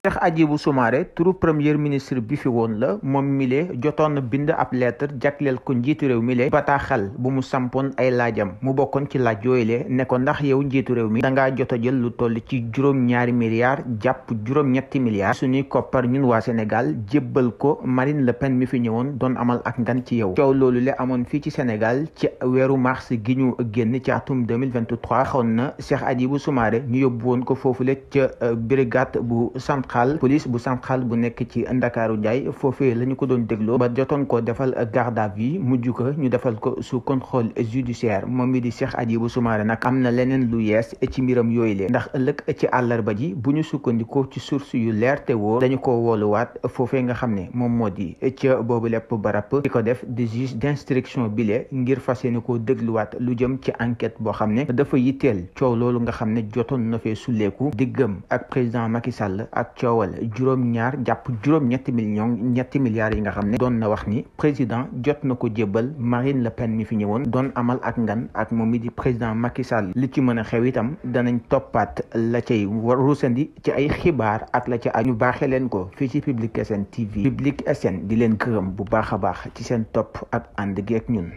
Cheikh Hadjibou Soumaré turu premier ministre bi fi woon la moom mile jotoon na bind ab lettre jagleel ko njiitu réew mi le bataaxal bu mu sampoon ay laajam mu bokkoon ci laaj yooyu le ne ko ndax yow njiitu réew mi dangaa jot a jël lu toll ci juróom-ñaari milliards jàpp juróom-ñetti milliards suñuy koppar ñun waa senegal jëbbal ko Marine Le Pen mi fi ñëwoon doon amal ak ngan ci yow coow loolu le amoon fii ci senegal ci weeru mars gi ñu génn ci atum 2023 xawoon na Cheikh Hadjibou Soumaré ñu yóbbu woon ko foofule ca euh, brigade Sankhal police bu Sankhal bu nekk ci Ndakaaru Njaay foofee la ñu ko doon dégloo ba jotoon ko defal garde à vue mujj ko ñu defal ko sous contrôle judiciaire moom mi di Cheikh Hadjibou Soumaré nag am na leneen lu yees ci mbiram yooyu lee ndax ëllëg ci àllarba ji bu ñu sukkandikoo ci source yu leerte woo wóor dañu ko wooluwaat foofee nga xam ne moom moo di ca boobu lépp barab di ko def di juge d'instruction bile ngir fas yéene koo dégluwaat lu jëm ci enquête boo xam ne dafa yitteel coow loolu nga xam ne jotoon na fee sulleeku diggam coowal juróom-ñaar jàpp juróom-ñetti million ñetti milliards yi nga xam ne doon na wax ni président jot na ko jébbal Marine Le Pen mi fi ñëwoon doon amal ak ngan ak moom mi di président Macky Sall li ci mën a xew itam danañ toppaat la cay di ci ay xibaar ak la ca ñu baaxee leen ko fii ci Public SN TV Public SN di leen gërëm bu baax a baax ci seen topp ak ànd gi ak ñun